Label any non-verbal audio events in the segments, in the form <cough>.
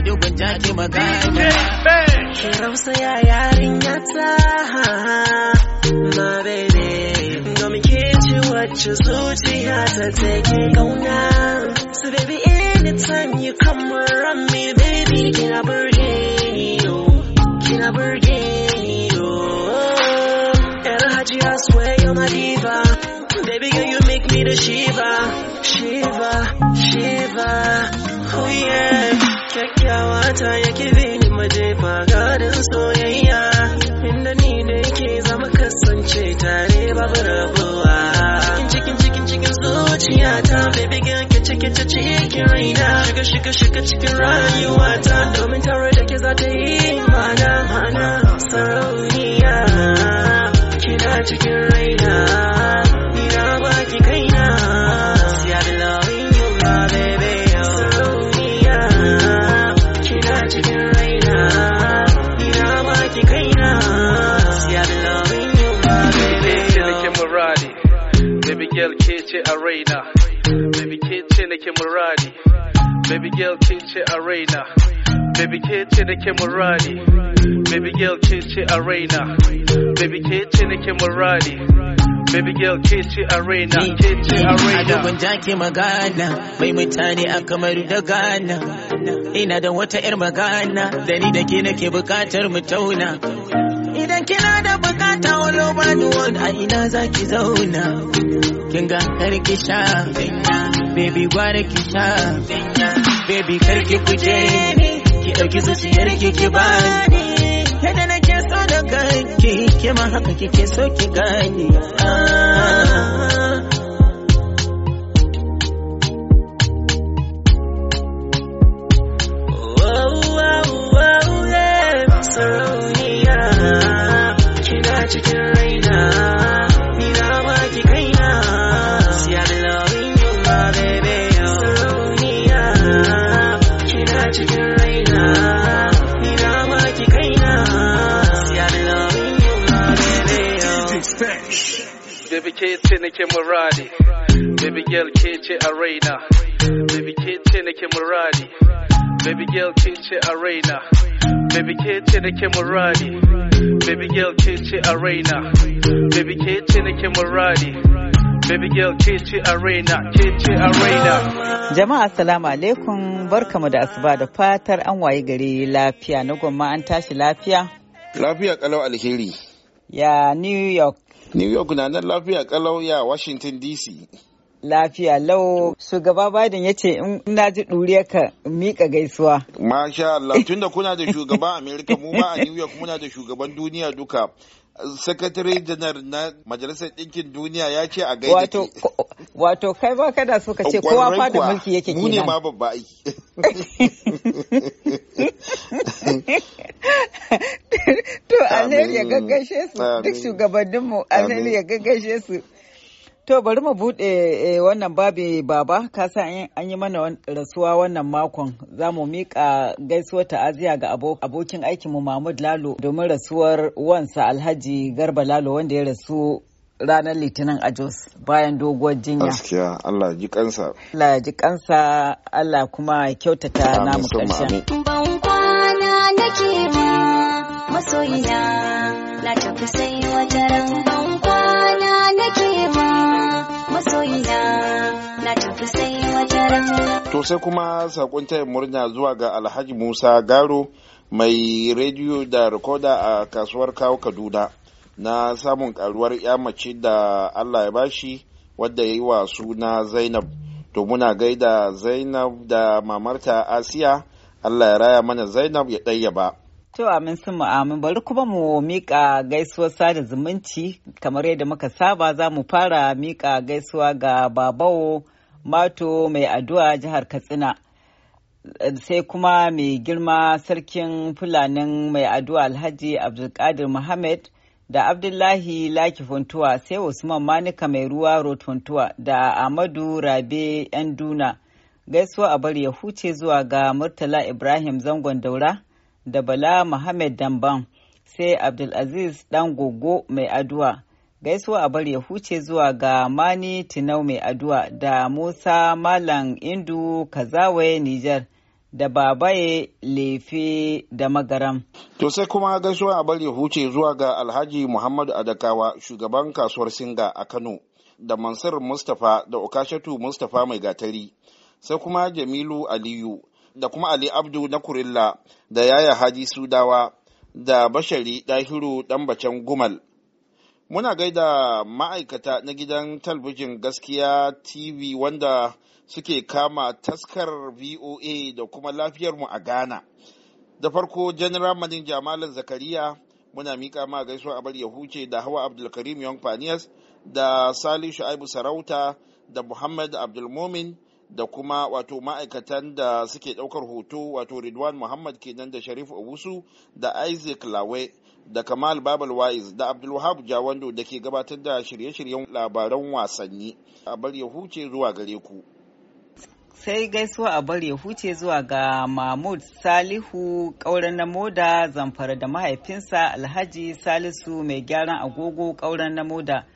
magana dogon ta ki my baby so baby anytime you come around me baby kina burge ni yo kina burge I swear you're my diva baby girl you make me the shiva shiva shiva oh yeah bukata yake bini majefa garin soyayya inda ni da yake zama kasance tare babu rabuwa cikin cikin cikin cikin zuciya ta baby girl ke cike cikin raina shiga shiga shiga cikin rayuwa ta domin tare da ke za ta yi Kimurani. Baby girl Kinche Arena. Baby Kinche the Kimurani. Baby girl Kinche Arena. Baby Kinche the Kimurani. Baby girl Kinche Arena. Kinche Arena. I do Ban jake magana. Mai mutane a kamar da Ghana. Ina da wata 'yar magana. Da ni da ke nake bukatar mu tauna. Idan kina da bukata wani ba a ina za ki zauna. Kin ga har ki sha. baby gwara ki ta baby karki kuje ni ki dauki zuciyar ki ki bani yadda nake so da ki ke ma haka kike so ki gani ah. baby ke ce nake muradi baby girl ke ce a raina baby ke ce nake muradi baby girl ke ce a raina baby ke ce nake muradi baby girl ke ce a raina baby ke ce nake muradi baby girl ke ce a raina ke ce a raina jama'a assalamu alaikum barkamu da asuba da fatar an waye gari lafiya na gwamma an tashi lafiya lafiya kalau alheri ya new york new york na nan lafiya kalau ya washington dc lafiya lau shugaba Biden ya ce in na ji ɗuriya ka miƙa gaisuwa. Masha Allah <laughs> tunda kuna da shugaba Amerika mu ba a New York muna da shugaban duniya duka. Sakatare janar na Majalisar Ɗinkin Duniya ya ce a gaida Wato kai ba kada so ka ce kowa fa da mulki yake kenan. Mu ne ma babba ai. To alheri ya gaggashe su duk mu alheri ya gaggashe su. To bari mu buɗe eh, wannan babi baba sa an yi mana rasuwa wannan makon za mu miƙa gaisuwar ta'aziya ga abokin aikinmu Mahmud Lalo domin rasuwar wansa Alhaji Garba Lalo wanda ya rasu ranar litinin a jos bayan doguwar jinya gaskiya allah ji kansa allah ji kansa allah kuma kyautata namu karshen ban kwana nake ba masoyina na tafi sai wata ran ban kwana nake ba masoyina na tafi sai wata ran to sai kuma sakon taya murna zuwa ga alhaji musa garo mai rediyo da rikoda a kasuwar kawo kaduna na samun karuwar ya mace da Allah ya bashi wadda ya yi wa suna Zainab. To muna gaida Zainab da mamarta Asiya, Allah ya raya mana Zainab ya ɗaya ba. To amin sun mu'amin bari kuma mu mika gaisuwar sada zumunci kamar yadda muka saba za mu fara mika gaisuwa ga babawo mato mai addu'a jihar Katsina. sai kuma mai girma sarkin fulanin mai addu'a alhaji abdulkadir muhammad da Abdullahi Laki Funtuwa sai Usman Manika mai ruwa Rotuntuwa da Ahmadu Rabe ‘yan duna. Gaisuwa a bari ya huce zuwa ga Murtala Ibrahim Zangon Daura da Bala Muhammad Damban sai Abdulaziz Dan Gogo mai aduwa. Gaisuwa a bari ya huce zuwa ga Mani Tinau mai aduwa da Musa Malam Indu Kazawai Nijar. da babaye lefe da magaram. To sai kuma gaisuwa a bari huce zuwa ga Alhaji Muhammadu Adakawa shugaban kasuwar Singa a Kano da Mansur Mustapha da Okashatu Mustapha mai gatari sai kuma Jamilu Aliyu da kuma Ali Abdu na Kurilla da Yaya Haji Sudawa da Bashari Dahiru Ɗanbacen Gumal. Muna gaida ma'aikata na gidan talbijin gaskiya TV wanda suke kama taskar VOA da kuma lafiyar mu a Ghana. Da farko General Manin Jamalin Zakariya muna miƙa ma gaisuwa a ya huce da Hawa Abdulkarim Young Panias da salisu Shu'aibu Sarauta da Muhammad Abdulmumin da kuma wato ma'aikatan da suke ɗaukar hoto wato Ridwan Muhammad kenan da Sharif Owusu da Isaac Lawe da Kamal Babal Waiz da Abdulwahab Jawando da ke gabatar da shirye-shiryen labaran wasanni a bar ya huce zuwa gare ku. sai gaisuwa a bar ya huce zuwa ga mahmud salihu ƙauren na moda zamfara da mahaifinsa alhaji salisu mai gyaran agogo ƙauren na moda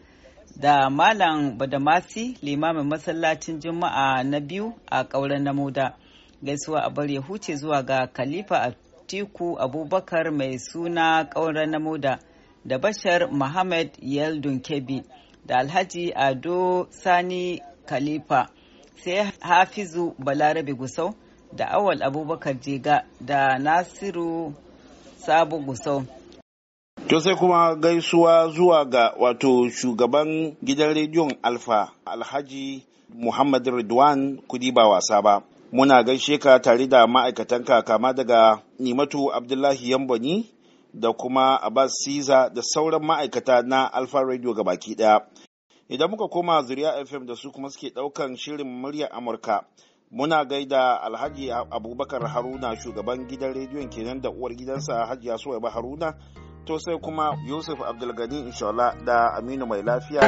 da malam badamasi limamin masallacin juma'a na biyu a ƙauren na moda gaisuwa a bar ya huce zuwa ga khalifa atiku abubakar mai suna ƙauren na moda da bashar muhammad yeldun kebi da alhaji ado sani khalifa sai hafizu balarabe gusau da awal abubakar jega da nasiru sabo gusau To sai kuma gaisuwa zuwa ga wato shugaban gidan rediyon Alfa Alhaji Muhammad Ridwan kudi ba wasa ba. Muna gaishe ka tare da ma'aikatanka kama daga Nimatu Abdullahi Yambani da kuma Abbas Siza da sauran ma'aikata na Alfa Radio baki daya. idan muka koma zuriya fm da su kuma suke daukan shirin murya amurka muna gaida alhaji abubakar haruna shugaban gidan rediyon kenan da uwar gidansa hajiya suwaiba haruna to sai kuma yusuf abdulgani inshallah da aminu mai lafiya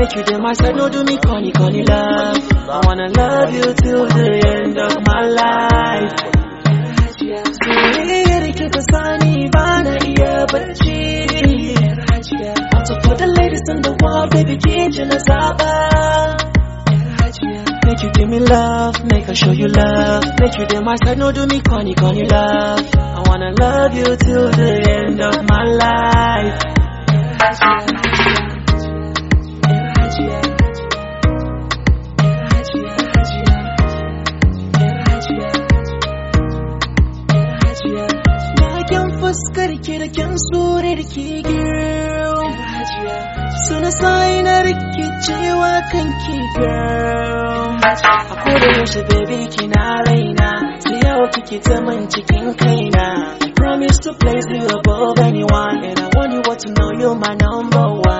make you them. I said, no, do me corny, corny love. I wanna love you till the end of my life. Soyayyar for the ladies in the world, baby, can't you not Make you give me love, make I show you love. Make you them, I said, no, do me corny, corny love. I wanna love you till the end of my life fuskar ki da kyan surar ki girl suna sai na rikicewa kan ki girl a koda yaushe baby kina raina sai yau kike zaman I promise to place you above anyone and I want you all to know you're my number one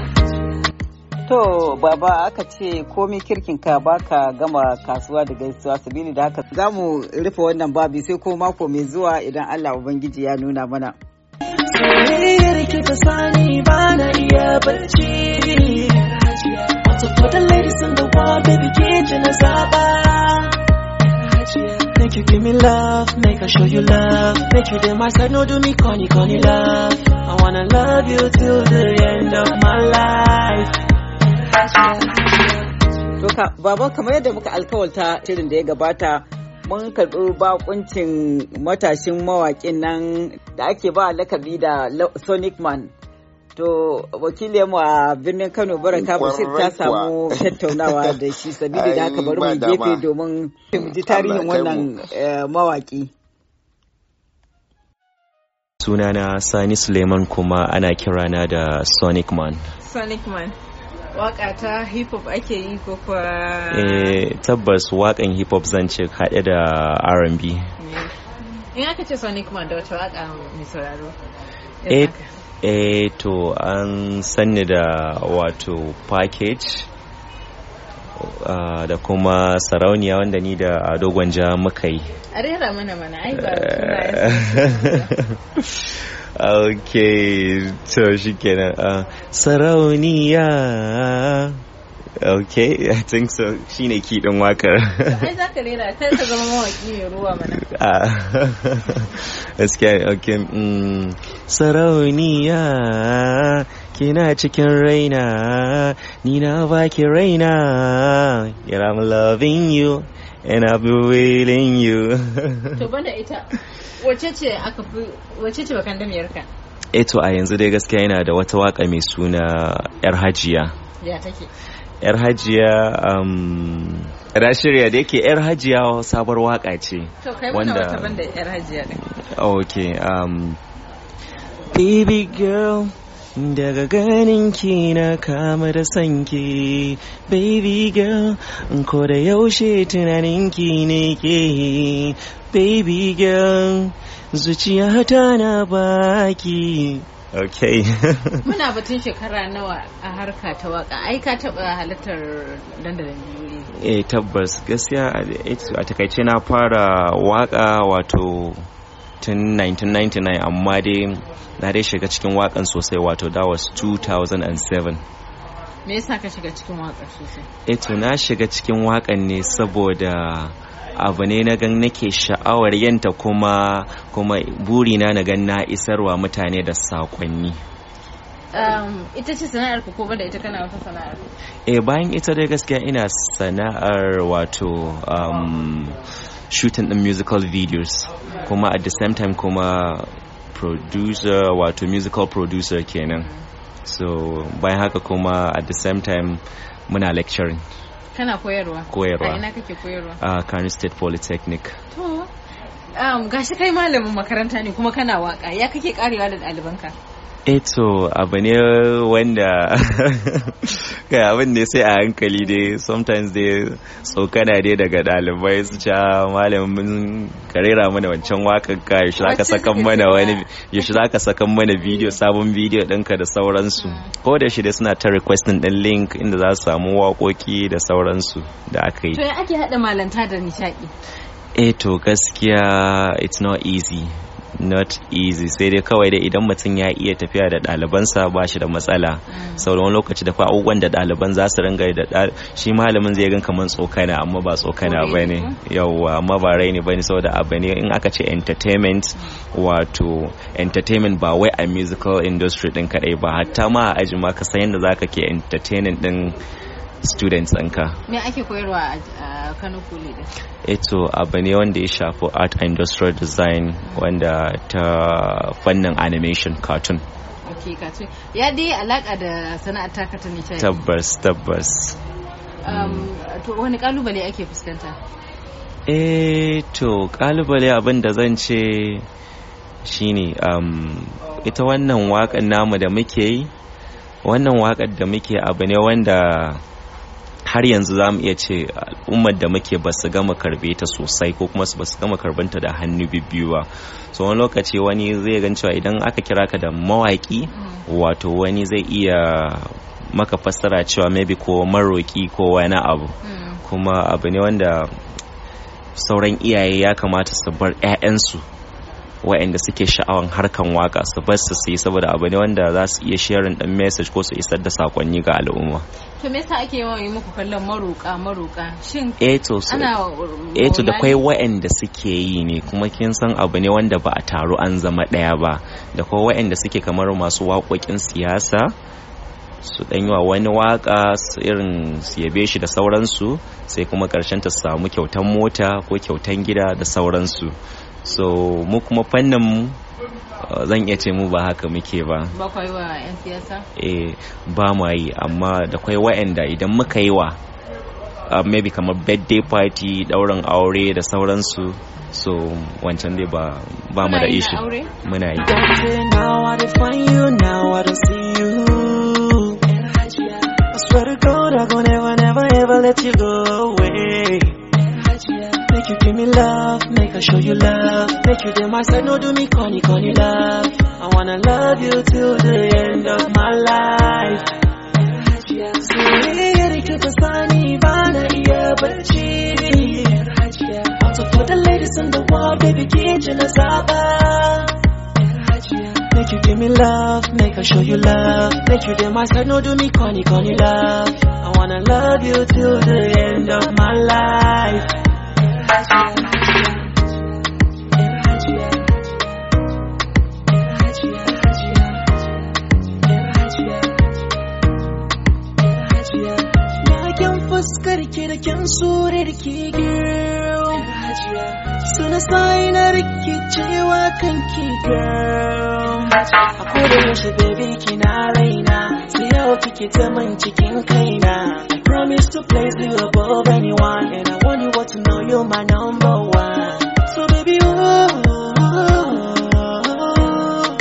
To baba aka ce komi kirkin ka baka gama kasuwa da gaisuwa sabili da haka za mu rufe wannan babi sai ko mako mai zuwa idan Allah Ubangiji ya nuna mana. Soyayyar sani ba na iya barci Wata kwatan ladies in the world baby Make you give me love, make I show you love Make you dey my side, no do me corny corny love I wanna love you till the Baba kamar yadda muka alkawalta shirin da ya gabata mun karɓi bakuncin matashin mawaƙin nan da ake ba lakabi da Sonic Man. To wakilin a birnin Kano Baraka Bashir ta samu tattaunawa da shi sabida da aka bari mu gefe domin ji tarihin wannan eh, mawaƙi. Sunana Sani Suleiman kuma ana kirana da Sonic Sonic Man. waka ta hip hop ake yi ko kwa eh tabbas wakan hip hop zan ce haɗe da R&B in aka ce Sonic Man da wata waka mai sauraro eh, eh to an sanni da wato package da kuma sarauniya wanda ni da dogon ja muka yi a rera mana mana ai ba eh. <laughs> ok to shi kenan sarauniya ok i think so Shi ki kiɗin wakar ai za ka rera ta zama mawaki mai ruwa mana <laughs> ah. gaskiya ok mm, sarauniya kina cikin raina ni na baki raina and I'm loving you and I'll be waiting you <laughs> to banda ita wace ce aka fi wace ce bakan damiyar ka eh to a yanzu dai gaskiya yana da wata waka mai suna yar hajiya ya take yar hajiya um, da shirya da yake yar hajiya sabar waka ce wanda okay um, baby girl daga ganin ki na kama da sanke baby girl ko da yaushe tunanin ki ne ke baby girl zuciya ta na baki ok <laughs> muna batun shekara nawa a harka ta waka ai ka taba halittar dandalin biyu eh tabbas gaskiya a takaice na fara waka wato tun 1999 amma dai na dai shiga cikin wakan sosai wato that was 2007 me yasa ka shiga cikin waƙar sosai eto eh na shiga cikin waƙan ne saboda abu ne na gan nake sha'awar yanta kuma kuma burina na gan na isarwa mutane da sakonni. Um, ita ce sana'ar ko ba da ita kana wata sana'ar eh bayan ita dai gaskiya ina sana'ar wato um, wow. shooting din musical videos kuma at the same time kuma producer wato musical producer kenan so bayan haka kuma at the same time muna lecturing kana koyarwa koyarwa a ina kake koyarwa a Kano State Polytechnic to um, gashi kai malamin makaranta ne kuma kana waka ya kake karewa da ɗalibanka eto eh, abu ne wanda <laughs> kai abin ne sai a hankali dai sometimes dai tsokana dai daga dalibai su ca ah, malamin karera mana wancan wakan ka yaushe zaka ah. sakan mana wani zaka sakan mana video sabon video dinka da sauransu ko da shi dai suna ta requesting ɗin link inda za su samu waƙoƙi da sauransu da aka yi to ya ake hada malanta da nishaɗi Eto eh, gaskiya it's not easy not easy sai dai kawai dai idan mutum ya iya tafiya da ɗalibansa ba shi da matsala sauran wani lokaci da abubuwan da ɗaliban za su ringa da shi malamin zai gan kamar tsokana amma ba tsokana ba ne yawwa amma ba rai ne ba ne saboda abu ne in aka ce entertainment wato entertainment ba wai a musical industry din kadai ba hatta ma a ma ka san yadda za ka ke entertaining din students ɗinka. Me ake koyarwa a Kano College? Eto eh abu ne wanda ya shafi art and industrial design wanda ta fannin animation cartoon. Ok, cartoon. Ya dai alaƙa da sana'ar taka ta ne Tabbas, tabbas. Um, to wani ƙalubale ake fuskanta? Eto, eh to abin da zan ce shi ne um, ita wannan waƙar namu da muke yi wannan waƙar da muke abu ne wanda har yanzu za mu iya ce al'ummar da muke ba su gama karbe ta sosai ko kuma ba su gama karbanta da hannu bibbiyu ba so wani lokaci wani zai gan cewa idan aka kira ka da mawaki mm. wato wani zai iya maka fassara cewa maybe ko maroki ko wani abu mm. kuma abu ne wanda sauran iyaye ya kamata su bar 'ya'yansu wayanda suke sha'awan harkan waka su bar su yi saboda abu ne wanda za su iya shirin ɗan message ko su isar da sakonni ga al'umma to me yasa ake yawan yi muku kallon maroka maroka shin eh to eh da kai wa'anda suke yi ne kuma kin san abu ne wanda ba a taro an zama ɗaya ba da kai wa'anda suke kamar masu waƙoƙin siyasa su ɗan yi wa wani waƙa irin su yabe shi da sauransu sai kuma karshen ta samu kyautan mota ko kyautan gida da sauransu so mu kuma fannin zan iya ce mu ba haka muke ba ba kwa yi wa 'yan siyasa? eh ba yi amma da kwai wa'anda idan muka yi wa uh, maybe kamar birthday party dauran aure da sauransu so wancan dai ba ba mu da ishi muna yi I swear to God, never, never, let you go away. Make you give me love, make I show you love. Make you them my side, no do me corny, corny love. I wanna love you till the end of my life. for the ladies in the world, baby, get Make you give me love, make I show you love. Make you my side, no do me corny, corny love. I wanna love you till the end of my life fuskarki da kyan surarki girl suna girl a koda yaushe baby kina raina Sai yau kike ta min cikin kaina I promise to place you above anyone And I want you to know you're my number one So baby oh, oh, oh, oh.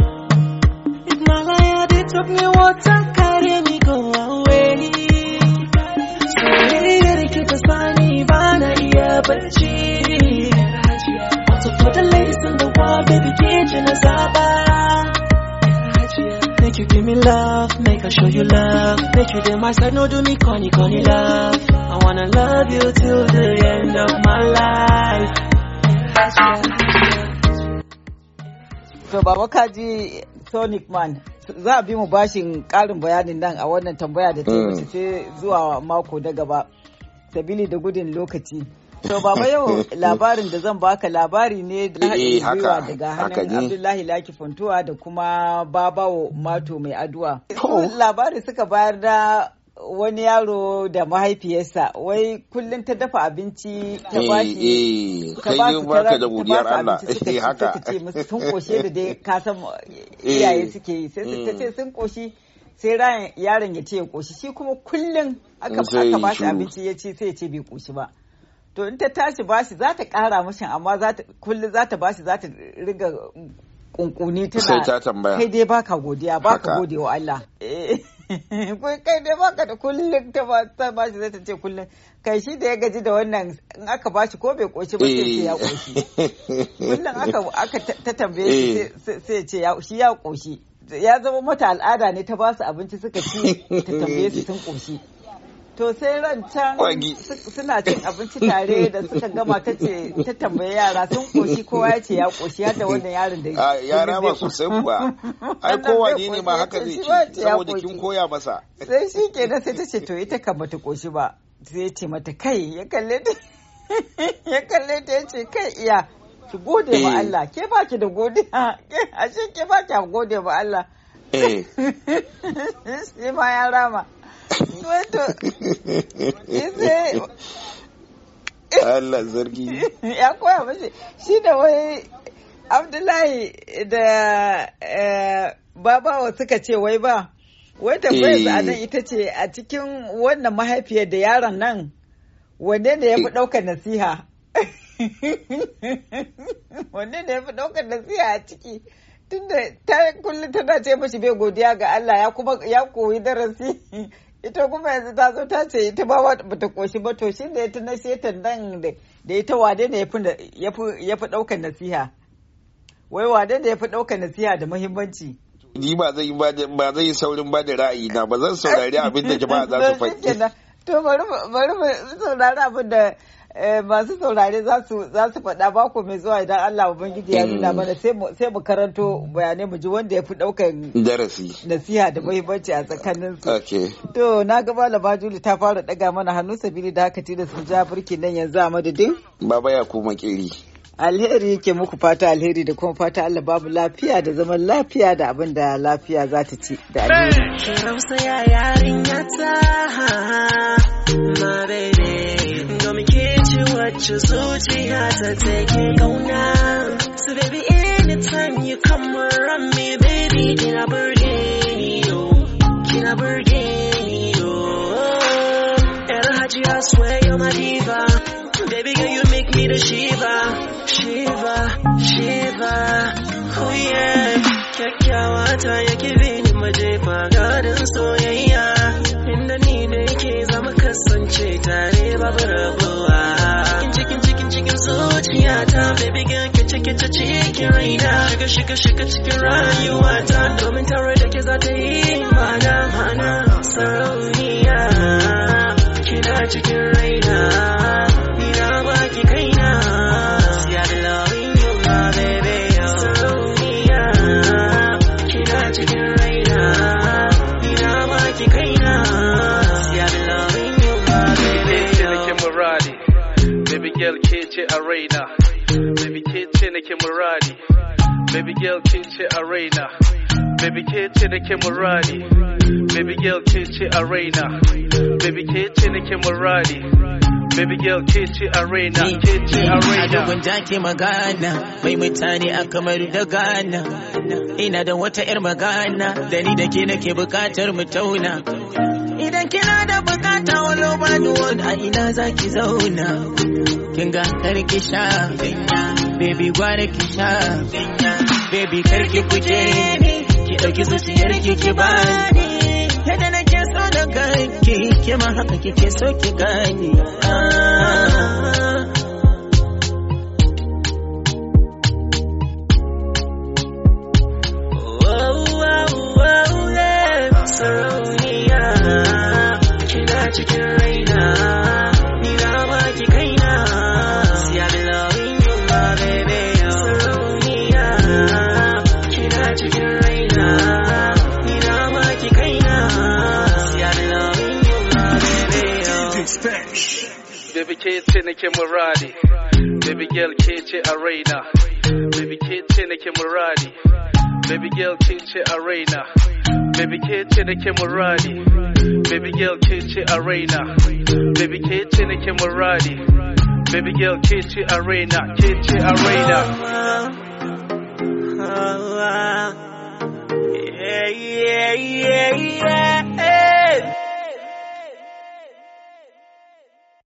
If na lie they took me what i Carry me go away So got hey da ke ta but ba na iya barci Wato for the ladies in the world baby ke ji na zaba you give me love, make I show you love. Make you do my side, no do me corny, corny love. I wanna love you till the end of my life. So Baba Kaji Sonic Man, za a bi mu bashin ƙarin bayanin nan a wannan tambaya da ta yi hmm. sai zuwa mako na gaba, sabili da gudun lokaci. To baba yau labarin da zan baka labari ne da eh, haɗin gwiwa daga hannun Abdullahi Laki Fontuwa da kuma Babawo Mato Mai Aduwa. Labari suka bayar da wani yaro da mahaifiyarsa wai kullum ta dafa abinci ta eh, eh, ba shi ta ba su ta da godiyar Allah eh haka ce musu sun koshe da dai ka san iyaye suke yi sai ta ce mm. sun koshi sai ran yaron ya ce ya koshi shi kuma kullum aka ba shi abinci ya ce sai ya ce bai koshi ba to in ta tashi bashi za ta kara mashin amma kullum za ta bashi za ta riga kunkuni tana sai ta tambaya kai dai baka godiya baka gode wa Allah eh, <laughs> kai dai baka da kullum ta bashi za ta ce kullum kai shi da ya gaji da wannan in aka bashi ko bai koshi ba sai ya koshi eh. kullum aka aka ta tambaye shi eh. sai ce shi ya koshi ya zama mata al'ada ne ta basu abinci suka ci ta tambaye su sun koshi To sai ran can suna cin abinci tare da suka gama ta ce ta tambaye yara sun koshi kowa ya ce ya koshi hada wannan yaron da <laughs> ya rama sai kuwa. <laughs> Ai kowa ne ne ma haka zai ci saboda kin koya masa. Sai shi ke da sai ta ce to ita kan bata koshi ba. Sai ce mata kai ya kalle ta <laughs> ya kalle ta ya ce kai iya ki gode ma eh. Allah ke baki da godiya ashe ke baki gode ma Allah. Eh. Sai ma ya rama. wato <laughs> Allah zargi <laughs> ya koya mashi shi da wai abdullahi da eh, babawa suka ce wai ba wai bai a nan eh. ita ce a cikin wannan mahaifiyar da yaron nan wanne ne ya fi eh. ɗaukar nasiha <laughs> wanne ne ya fi ɗaukar nasiha a ciki tunda ta kullum tana ce mashi bai godiya ga Allah ya kuma ya koyi darasi <laughs> ita kuma yanzu ta zo ta ce ita ba bata koshi ba to shi da ita tuna setan nan da ita wade ne ya fi ɗaukar nasiha wai wade ne ya fi ɗaukar nasiha da muhimmanci ni ba zai ba zai saurin ba da ra'ayi na ba zan saurari abin da jama'a za su <laughs> faɗi to bari bari saurari abin da Eh, masu saurare za su faɗa baku mai zuwa idan Allah Ubangiji ya nuna mm. mana sai mu karanto bayanai mu ji wanda ya fi ɗaukar darasi nasiha da muhimmanci a tsakanin su. To na ga malama Juli ta fara ɗaga mana hannu sabili da haka tilas mu ja burki nan yanzu a madadin. Baba ya kuma ƙiri. Alheri yake muku fata alheri da kuma fata Allah babu lafiya da zaman lafiya da abin da lafiya za ta ci da alheri. Rausa ya ta ma ci so baby anytime you come around me baby kina burge ni yo kina burge ni yo had you, i swear you're my diva baby girl you make me the shiva shiva shiva oh yeah kyakkyawa ta yake bini majefa gadin soya ta baby girl ke cike ta cikin raina shiga shiga shiga cikin rayuwa ta domin tare da ke za ta yi mana mana sarauniya kina cikin raina ni na baki kaina oh. Cikin raina, ina baki kaina, see I oh. been ce nake muradi baby girl kin ce a raina baby ke ce nake muradi baby girl kin ce a raina baby ke ce nake muradi baby girl ke ce a raina ke ce a raina abin da ke magana mai mutane a kamar da gana ina da wata yar magana da ni da ke nake bukatar mu tauna idan kina da bukata wani ba a ina zaki zauna kin ga karki sha baby gwara ki sha baby karki guje ni ki dauki zuciyar ki ki bani yadda nake so da ganki ke ma haka kike so ki gani Sarauniya, kina cikin rai. nake baby girl ke Arena. baby ke ce nake baby girl ke Arena. baby ke ce nake baby girl ke Arena. baby ke ce nake baby girl ke Arena. a Arena. yeah yeah yeah yeah